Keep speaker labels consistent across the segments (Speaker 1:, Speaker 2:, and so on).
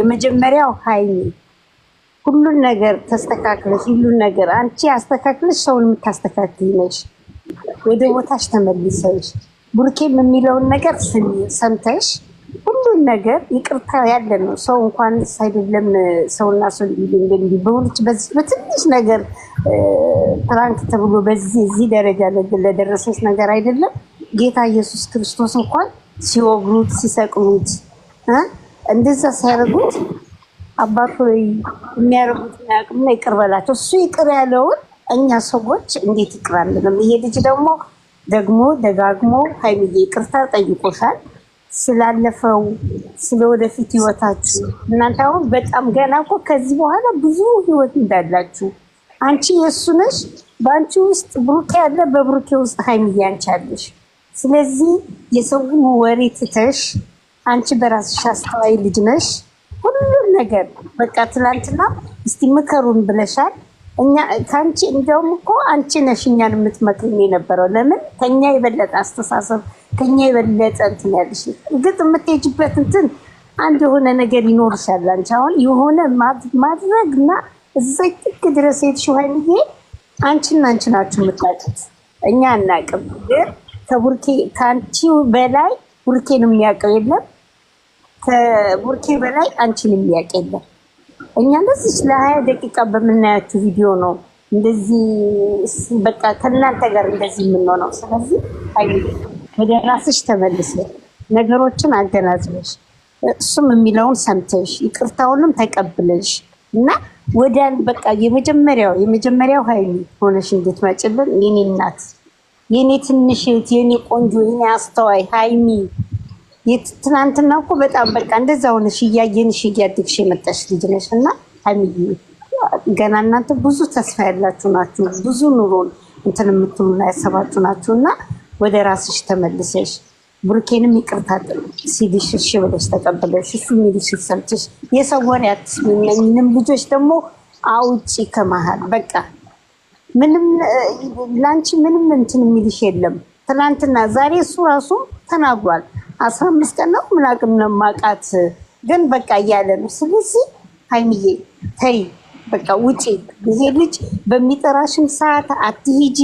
Speaker 1: የመጀመሪያው ሀይሚ ሁሉን ነገር ተስተካክለሽ ሁሉን ነገር አንቺ አስተካክለሽ ሰውን የምታስተካክል ነሽ። ወደ ቦታሽ ተመልሰሽ ቡርኬም የሚለውን ነገር ሰምተሽ ሁሉን ነገር ይቅርታ ያለ ነው። ሰው እንኳን ሳይደለም ሰውና ሰው በሁልች በዚህ በትንሽ ነገር ፕራንክ ተብሎ በዚህ እዚህ ደረጃ ለደረሰች ነገር አይደለም ጌታ ኢየሱስ ክርስቶስ እንኳን ሲወግሩት ሲሰቅሉት እንደዛ ሲያደርጉት አባቱ የሚያደርጉት አያውቅምና ይቅር በላቸው። እሱ ይቅር ያለውን እኛ ሰዎች እንዴት ይቅር አንልም? ይሄ ልጅ ደግሞ ደግሞ ደጋግሞ ሀይሚዬ ይቅርታ ጠይቆሻል ስላለፈው ስለ ወደፊት ህይወታችሁ እናንተ አሁን በጣም ገና እኮ ከዚህ በኋላ ብዙ ህይወት እንዳላችሁ አንቺ የእሱ ነሽ። በአንቺ ውስጥ ብሩኬ ያለ በብሩኬ ውስጥ ሀይሚዬ አንቺ አለሽ። ስለዚህ የሰውን ወሬ ትተሽ አንቺ በራስሽ አስተዋይ ልጅ ነሽ። ሁሉም ነገር በቃ ትላንትና እስቲ ምከሩን ብለሻል። እኛ ከአንቺ እንዲያውም እኮ አንቺ ነሽ እኛን የምትመክሪን የነበረው። ለምን ከኛ የበለጠ አስተሳሰብ ከኛ የበለጠ እንትን ያለሽ። እርግጥ የምትሄጅበት እንትን አንድ የሆነ ነገር ይኖርሻል። አንቺ አሁን የሆነ ማድረግ ማድረግና እዛ ጥግ ድረስ የሄድሽው ሀይሚዬ፣ አንቺና አንቺ ናችሁ የምታውቁት፣ እኛ አናውቅም። ግን ከቡርኬ ከአንቺ በላይ ቡርኬን የሚያውቀው የለም። ከቡርኬ በላይ አንቺን የሚያውቅ የለም። እኛ እንደዚህ ለሀያ ደቂቃ በምናያችሁ ቪዲዮ ነው እንደዚህ በቃ ከእናንተ ጋር እንደዚህ የምንሆነው። ስለዚህ አይ ወደ ራስሽ ተመልሰ ነገሮችን አገናዝበሽ እሱም የሚለውን ሰምተሽ ይቅርታውንም ተቀብለሽ እና ወደ በቃ የመጀመሪያው የመጀመሪያው ሀይል ሆነሽ እንድትመጭልን የኔ እናት የኔ ትንሽ እህት የኔ ቆንጆ የኔ አስተዋይ ሀይሚ ትናንትና እኮ በጣም በቃ እንደዛ ሆነሽ እያየንሽ እያድግሽ የመጣሽ ልጅ ነሽ እና ሀይሚዬ ገና እናንተ ብዙ ተስፋ ያላችሁ ናችሁ። ብዙ ኑሮን እንትን የምትሉና ያሰባችሁ ናችሁ እና ወደ ራስሽ ተመልሰሽ ብሩኬንም ይቅርታ ሲልሽ እሺ ብለሽ ተቀበለሽ እሱ የሚልሽ ሰምተሽ የሰው ወሬ አትስሚም። እነኝንም ልጆች ደግሞ አውጪ ከመሀል በቃ ምንም ላንቺ ምንም እንትን የሚልሽ የለም። ትናንትና ዛሬ እሱ ራሱ ተናግሯል። አስራ አምስት ቀን ነው ምናቅም ነው ማቃት ግን በቃ እያለ ነው። ስለዚህ ሀይሚዬ ተይ በቃ ውጪ። ይሄ ልጅ በሚጠራሽም ሰዓት አትሂጂ፣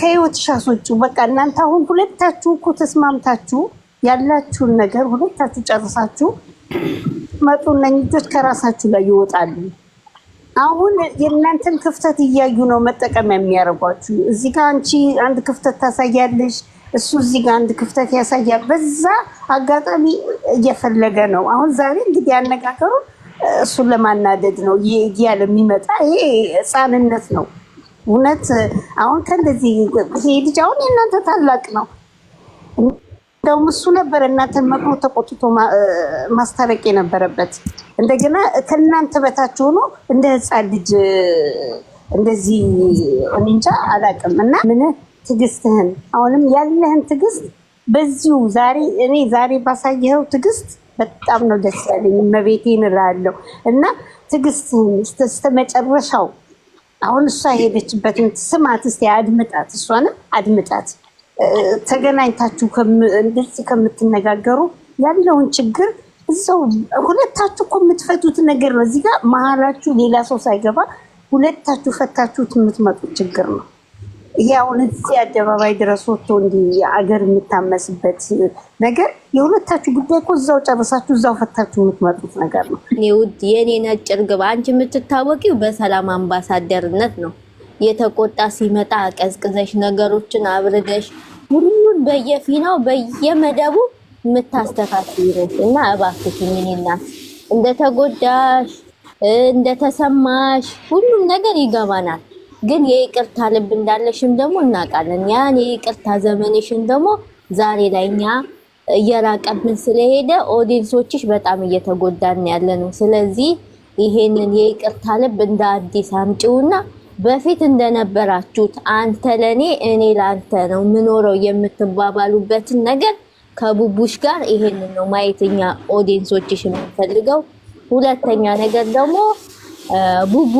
Speaker 1: ከህይወትሽ አስወጪው። በቃ እናንተ አሁን ሁለታችሁ እኮ ተስማምታችሁ ያላችሁን ነገር ሁለታችሁ ጨርሳችሁ መጡ። እነኝጆች ከራሳችሁ ላይ ይወጣሉ። አሁን የእናንተን ክፍተት እያዩ ነው መጠቀም የሚያደርጓችሁ። እዚህ ጋ አንቺ አንድ ክፍተት ታሳያለሽ፣ እሱ እዚህ ጋ አንድ ክፍተት ያሳያል። በዛ አጋጣሚ እየፈለገ ነው። አሁን ዛሬ እንግዲህ ያነጋገሩ እሱን ለማናደድ ነው እያለ የሚመጣ ይሄ ህፃንነት ነው። እውነት አሁን ከእንደዚህ ይሄ ልጅ አሁን የእናንተ ታላቅ ነው። እንደውም እሱ ነበር እናንተን መክሮ ተቆጥቶ ማስታረቅ የነበረበት። እንደገና ከእናንተ በታች ሆኖ እንደ ሕፃን ልጅ እንደዚህ እንጃ አላውቅም። እና ምን ትዕግስትህን አሁንም ያለህን ትዕግስት በዚሁ ዛሬ እኔ ዛሬ ባሳየኸው ትዕግስት በጣም ነው ደስ ያለኝ። መቤቴን እንላለሁ እና ትዕግስትህን እስከ መጨረሻው አሁን እሷ ሄደችበትን ስማት፣ እስኪ አድምጣት፣ እሷንም አድምጣት። ተገናኝታችሁ እንደዚህ ከምትነጋገሩ ያለውን ችግር እዛው ሁለታችሁ እኮ የምትፈቱት ነገር ነው። እዚህ ጋር መሀላችሁ ሌላ ሰው ሳይገባ ሁለታችሁ ፈታችሁት የምትመጡት ችግር ነው። ይሄ አሁን እዚህ አደባባይ ድረስ ወጥቶ እንዲህ አገር የሚታመስበት ነገር የሁለታችሁ ጉዳይ እኮ እዛው ጨርሳችሁ እዛው ፈታችሁ የምትመጡት ነገር ነው። ውድ የኔ ነጭ እርግብ፣ አንቺ የምትታወቂው በሰላም አምባሳደርነት ነው። የተቆጣ ሲመጣ ቀዝቅዘሽ ነገሮችን አብርደሽ ሁሉን በየፊናው በየመደቡ የምታስተካክል እና እባክሽ ምንና እንደተጎዳሽ እንደተሰማሽ ሁሉም ነገር ይገባናል። ግን የይቅርታ ልብ እንዳለሽም ደግሞ እናውቃለን። ያን የይቅርታ ዘመንሽን ደግሞ ዛሬ ላይ እኛ እየራቀብን ስለሄደ ኦዲንሶችሽ በጣም እየተጎዳን ያለ ነው። ስለዚህ ይሄንን የይቅርታ ልብ እንደ አዲስ አምጪውና በፊት እንደነበራችሁት አንተ ለኔ እኔ ለአንተ ነው ምኖረው የምትባባሉበትን ነገር ከቡቡሽ ጋር ይሄንን ነው ማየተኛ ኦዲየንሶችሽ የምንፈልገው። ሁለተኛ ነገር ደግሞ ቡቡ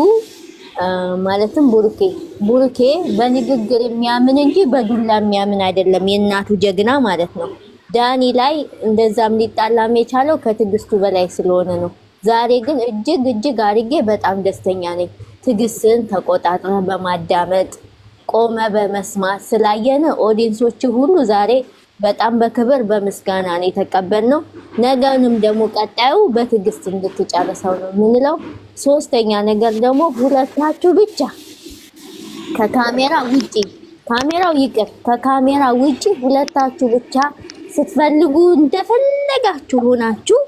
Speaker 1: ማለትም ቡሩኬ ቡሩኬ በንግግር የሚያምን እንጂ በዱላ የሚያምን አይደለም፣ የእናቱ ጀግና ማለት ነው። ዳኒ ላይ እንደዛም ሊጣላም የቻለው ከትዕግስቱ በላይ ስለሆነ ነው። ዛሬ ግን እጅግ እጅግ አድርጌ በጣም ደስተኛ ነኝ። ትግስትን ተቆጣጥረ በማዳመጥ ቆመ በመስማት ስላየን ኦዲየንሶች ሁሉ ዛሬ በጣም በክብር በምስጋና ነው የተቀበልነው። ነገንም ደግሞ ቀጣዩ በትዕግስት እንድትጨርሰው ነው የምንለው። ሶስተኛ ነገር ደግሞ ሁለታችሁ ብቻ ከካሜራ ውጪ ካሜራው ይቅር፣ ከካሜራ ውጪ ሁለታችሁ ብቻ ስትፈልጉ እንደፈለጋችሁ ሆናችሁ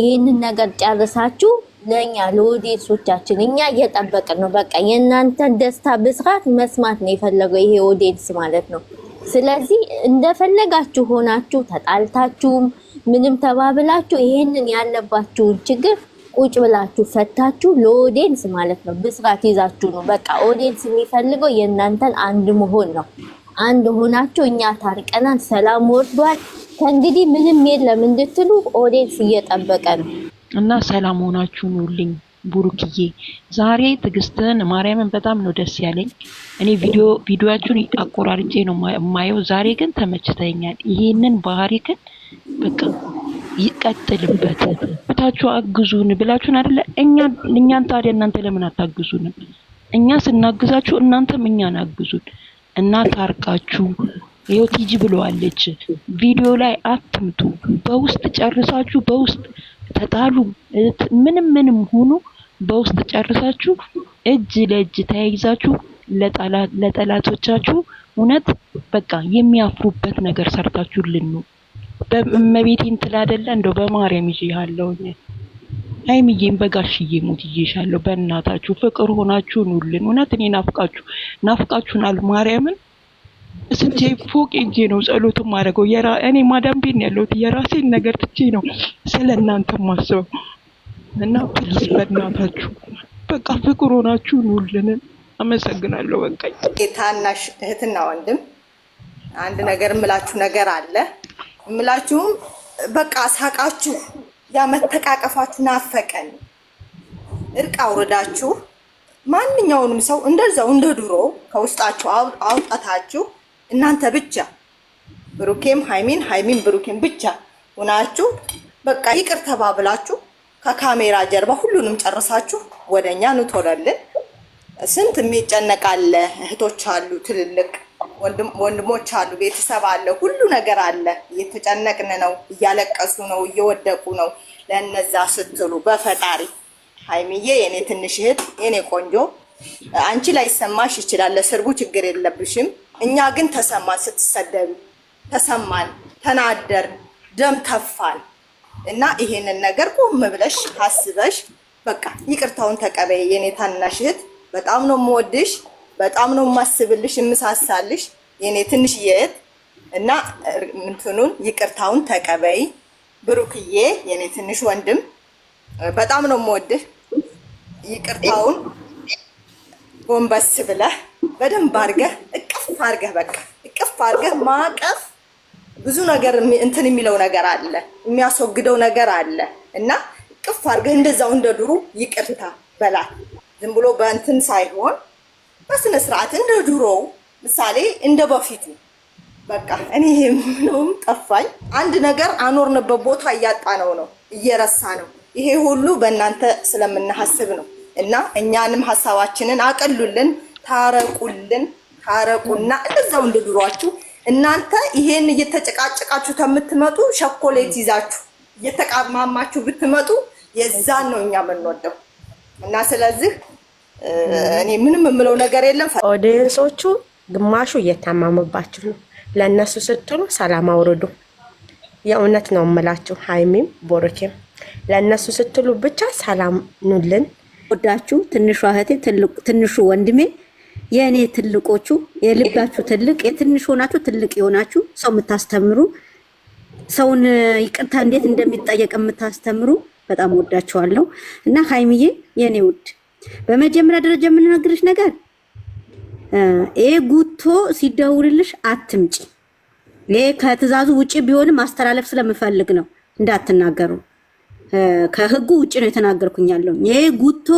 Speaker 1: ይህንን ነገር ጨርሳችሁ ለእኛ ለኦዲየንሶቻችን እኛ እየጠበቅን ነው። በቃ የእናንተን ደስታ ብስራት መስማት ነው የፈለገው ይሄ ኦዲየንስ ማለት ነው። ስለዚህ እንደፈለጋችሁ ሆናችሁ ተጣልታችሁም ምንም ተባብላችሁ ይሄንን ያለባችሁን ችግር ቁጭ ብላችሁ ፈታችሁ ለኦዲየንስ ማለት ነው ብስራት ይዛችሁ ነው። በቃ ኦዲየንስ የሚፈልገው የእናንተን አንድ መሆን ነው። አንድ ሆናችሁ እኛ ታርቀናል፣ ሰላም ወርዷል፣ ከእንግዲህ ምንም የለም እንድትሉ ኦዲየንስ እየጠበቀ ነው።
Speaker 2: እና ሰላም ሆናችሁ ኑልኝ። ቡሩክዬ ዛሬ ትዕግስትን ማርያምን በጣም ነው ደስ ያለኝ። እኔ ቪዲዮ ቪዲዮያችሁን አቆራርጬ ነው የማየው። ዛሬ ግን ተመችተኛል። ይሄንን ባህሪ ግን በቃ ይቀጥልበት። ብታችሁ አግዙን ብላችሁን አይደለ? እኛ እኛን ታዲያ እናንተ ለምን አታግዙንም? እኛ ስናግዛችሁ እናንተም እኛን አግዙን እና ታርቃችሁ ይኸው ቲጂ ብለዋለች ቪዲዮ ላይ አትምቱ በውስጥ ጨርሳችሁ በውስጥ ተጣሉ፣ ምንም ምንም ሁኑ በውስጥ ጨርሳችሁ እጅ ለእጅ ተያይዛችሁ ለጠላቶቻችሁ እውነት በቃ የሚያፍሩበት ነገር ሰርታችሁልን ነው። በእመቤቴን ትል አይደለ እንደው በማርያም ይዤሃለሁ ሀይሚዬም በጋሽዬ ሞት ይዤሻለሁ። በእናታችሁ ፍቅር ሆናችሁ ኑልን። እውነት እኔ ናፍቃችሁ ናፍቃችሁናል ማርያምን ስንቴ ፎቅ ሄጄ ነው ጸሎት ማድረገው። የራ እኔ ማዳም ቤት ነው ያለሁት። የራሴን ነገር ትቼ ነው ስለ እናንተ ማስበው እና ፕሊዝ በእናታችሁ በቃ ፍቅር ሆናችሁ ኑልንን። አመሰግናለሁ። በቃ
Speaker 1: ታናሽ እህትና ወንድም አንድ ነገር እምላችሁ ነገር አለ። እምላችሁም በቃ ሳቃችሁ ያ መተቃቀፋችሁ ናፈቀን። እርቅ አውርዳችሁ ማንኛውንም ሰው እንደዛው እንደ ድሮ ከውስጣችሁ አውጣታችሁ እናንተ ብቻ ብሩኬም ሃይሚን ሃይሚን ብሩኬም ብቻ ሆናችሁ በቃ ይቅር ተባብላችሁ ከካሜራ ጀርባ ሁሉንም ጨርሳችሁ ወደኛ ንቶለልን። ስንት የሚጨነቃለ እህቶች አሉ፣ ትልልቅ ወንድሞች አሉ፣ ቤተሰብ አለ፣ ሁሉ ነገር አለ። እየተጨነቅን ነው፣ እያለቀሱ ነው፣ እየወደቁ ነው። ለእነዛ ስትሉ በፈጣሪ ሃይሚዬ የኔ ትንሽ እህት የኔ ቆንጆ አንቺ ላይ ላይሰማሽ ይችላል። ለስርቡ ችግር የለብሽም። እኛ ግን ተሰማን፣ ስትሰደብ ተሰማን፣ ተናደር፣ ደም ተፋን እና ይሄንን ነገር ቆም ብለሽ ታስበሽ በቃ ይቅርታውን ተቀበይ። የኔ ታናሽ እህት በጣም ነው የምወድሽ፣ በጣም ነው የማስብልሽ፣ የምሳሳልሽ የኔ ትንሽ እህት እና ምንትኑን ይቅርታውን ተቀበይ። ብሩክዬ የኔ ትንሽ ወንድም በጣም ነው የምወድህ ይቅርታውን ጎንበስ ብለህ በደንብ አድርገህ እቅፍ አድርገህ በቃ እቅፍ አድርገህ ማቀፍ ብዙ ነገር እንትን የሚለው ነገር አለ፣ የሚያስወግደው ነገር አለ እና እቅፍ አድርገህ እንደዛው እንደ ድሩ ይቅርታ በላት። ዝም ብሎ በእንትን ሳይሆን በስነ ስርዓት እንደ ድሮው ምሳሌ እንደ በፊቱ በቃ እኔ የምለውም ጠፋኝ። አንድ ነገር አኖርንበት ቦታ እያጣ ነው ነው እየረሳ ነው። ይሄ ሁሉ በእናንተ ስለምናሀስብ ነው። እና እኛንም ሀሳባችንን አቀሉልን፣ ታረቁልን፣ ታረቁና እንደዛው እንደ እናንተ ይሄን እየተጨቃጨቃችሁ ከምትመጡ ሸኮሌት ይዛችሁ እየተቃማማችሁ ብትመጡ የዛን ነው እኛ የምንወደው። እና ስለዚህ እኔ ምንም የምለው ነገር የለም።
Speaker 2: ኦዲየንሶቹ ግማሹ እየታማሙባችሁ ነው። ለእነሱ ስትሉ ሰላም አውርዱ። የእውነት ነው የምላችሁ፣ ሀይሚም ቦሮኬም ለእነሱ ስትሉ ብቻ ሰላም ኑልን።
Speaker 1: ወዳችሁ ትንሿ እህቴ፣ ትንሹ ወንድሜ፣ የእኔ ትልቆቹ፣ የልባችሁ ትልቅ የትንሹ ሆናችሁ ትልቅ የሆናችሁ ሰው የምታስተምሩ ሰውን ይቅርታ እንዴት እንደሚጠየቅ የምታስተምሩ በጣም ወዳችኋለሁ እና ሀይሚዬ የእኔ ውድ በመጀመሪያ ደረጃ የምንነግርሽ ነገር ይሄ ጉቶ ሲደውልልሽ አትምጪ። ይሄ ከትዕዛዙ ውጭ ቢሆንም ማስተላለፍ ስለምፈልግ ነው እንዳትናገሩ። ከህጉ ውጭ ነው የተናገርኩኝ ያለው። ይሄ ጉቶ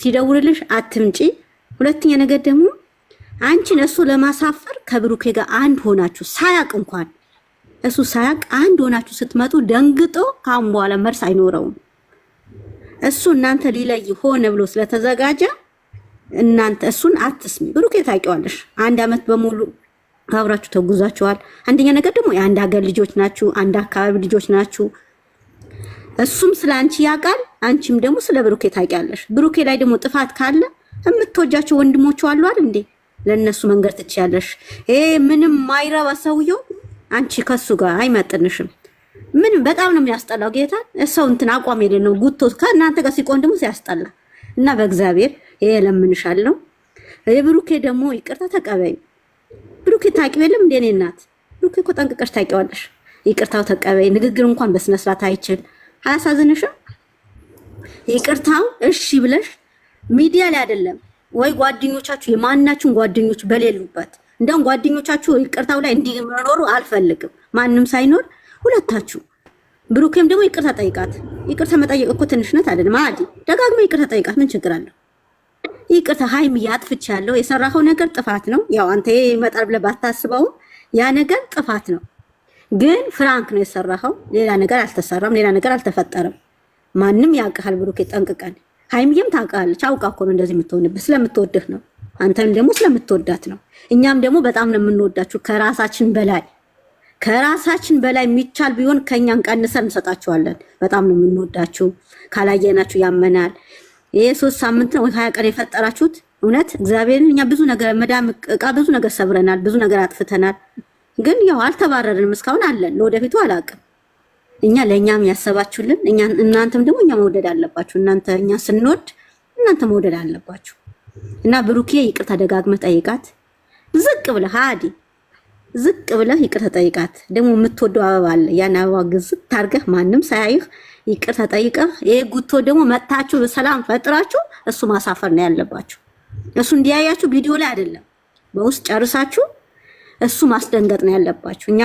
Speaker 1: ሲደውልልሽ አትምጪ። ሁለተኛ ነገር ደግሞ አንቺን እሱ ለማሳፈር ከብሩኬ ጋር አንድ ሆናችሁ ሳያቅ እንኳን እሱ ሳያቅ አንድ ሆናችሁ ስትመጡ ደንግጦ ከአሁን በኋላ መርስ አይኖረውም። እሱ እናንተ ሊለይ ሆነ ብሎ ስለተዘጋጀ እናንተ እሱን አትስሚ። ብሩኬ ታውቂዋለሽ፣ አንድ አመት በሙሉ አብራችሁ ተጉዛችኋል። አንደኛ ነገር ደግሞ የአንድ ሀገር ልጆች ናችሁ፣ አንድ አካባቢ ልጆች ናችሁ። እሱም ስለ አንቺ ያውቃል፣ አንቺም ደግሞ ስለ ብሩኬ ታውቂያለሽ። ብሩኬ ላይ ደግሞ ጥፋት ካለ የምትወጃቸው ወንድሞቹ አሉ አይደል እንዴ? ለእነሱ መንገድ ትችያለሽ። ይሄ ምንም ማይረባ ሰውየው አንቺ ከሱ ጋር አይመጥንሽም። ምንም በጣም ነው የሚያስጠላው። ጌታ ሰው እንትን አቋም የሌለው ነው። ጉቶ ከእናንተ ጋር ሲቆን ደግሞ ሲያስጠላ እና በእግዚአብሔር ይሄ ለምንሻለው። የብሩኬ ደግሞ ይቅርታ ተቀበይ። ብሩኬ ታውቂው የለም እንደ እናት ብሩኬ እኮ ጠንቅቀሽ ታውቂዋለሽ። ይቅርታው ተቀበይ። ንግግር እንኳን በስነስርዓት አይችል አያሳዝንሽም? ይቅርታው እሺ ብለሽ ሚዲያ ላይ አይደለም ወይ ጓደኞቻችሁ የማናችሁን ጓደኞች በሌሉበት እንደውም ጓደኞቻችሁ ይቅርታው ላይ እንዲኖሩ አልፈልግም፣ ማንም ሳይኖር ሁለታችሁ። ብሩኬም ደግሞ ይቅርታ ጠይቃት። ይቅርታ መጠየቅ እኮ ትንሽነት አይደለም። አዲ ደጋግሞ ይቅርታ ጠይቃት። ምን ችግር አለው? ይቅርታ ሀይሚዬ፣ አጥፍቻለሁ። የሰራኸው ነገር ጥፋት ነው። ያው አንተ ይመጣል ብለህ ባታስበውም ያ ነገር ጥፋት ነው። ግን ፍራንክ ነው የሰራኸው። ሌላ ነገር አልተሰራም፣ ሌላ ነገር አልተፈጠረም። ማንም ያውቅሃል ብሩኬ፣ ጠንቅቀን ሀይምዬም ታውቃለች። አውቃ እኮ ነው እንደዚህ የምትሆንብህ፣ ስለምትወድህ ነው። አንተም ደግሞ ስለምትወዳት ነው። እኛም ደግሞ በጣም ነው የምንወዳችሁ ከራሳችን በላይ ከራሳችን በላይ የሚቻል ቢሆን ከእኛን ቀንሰን እንሰጣችኋለን። በጣም ነው የምንወዳችሁ። ካላየናችሁ ያመናል። ይህ ሶስት ሳምንት ነው ወይ ሀያ ቀን የፈጠራችሁት እውነት እግዚአብሔርን እኛ ብዙ ነገር መዳም እቃ ብዙ ነገር ሰብረናል፣ ብዙ ነገር አጥፍተናል። ግን ያው አልተባረርንም፣ እስካሁን አለን። ለወደፊቱ አላውቅም። እኛ ለእኛም ያሰባችሁልን እናንተም ደግሞ እኛ መውደድ አለባችሁ። እናንተ እኛ ስንወድ እናንተ መውደድ አለባችሁ። እና ብሩኬ ይቅርታ ደጋግመህ ጠይቃት። ዝቅ ብለህ ሃዲ ዝቅ ብለህ ይቅርታ ጠይቃት። ደግሞ የምትወደው አበባ አለ። ያን አበባ ግዝት ታርገህ ማንም ሳያይህ ይቅርታ ጠይቀህ፣ ይህ ጉቶ ደግሞ መጥታችሁ ሰላም ፈጥራችሁ እሱ ማሳፈር ነው ያለባችሁ። እሱ እንዲያያችሁ ቪዲዮ ላይ አይደለም፣ በውስጥ ጨርሳችሁ እሱ ማስደንገጥ ነው ያለባችሁ።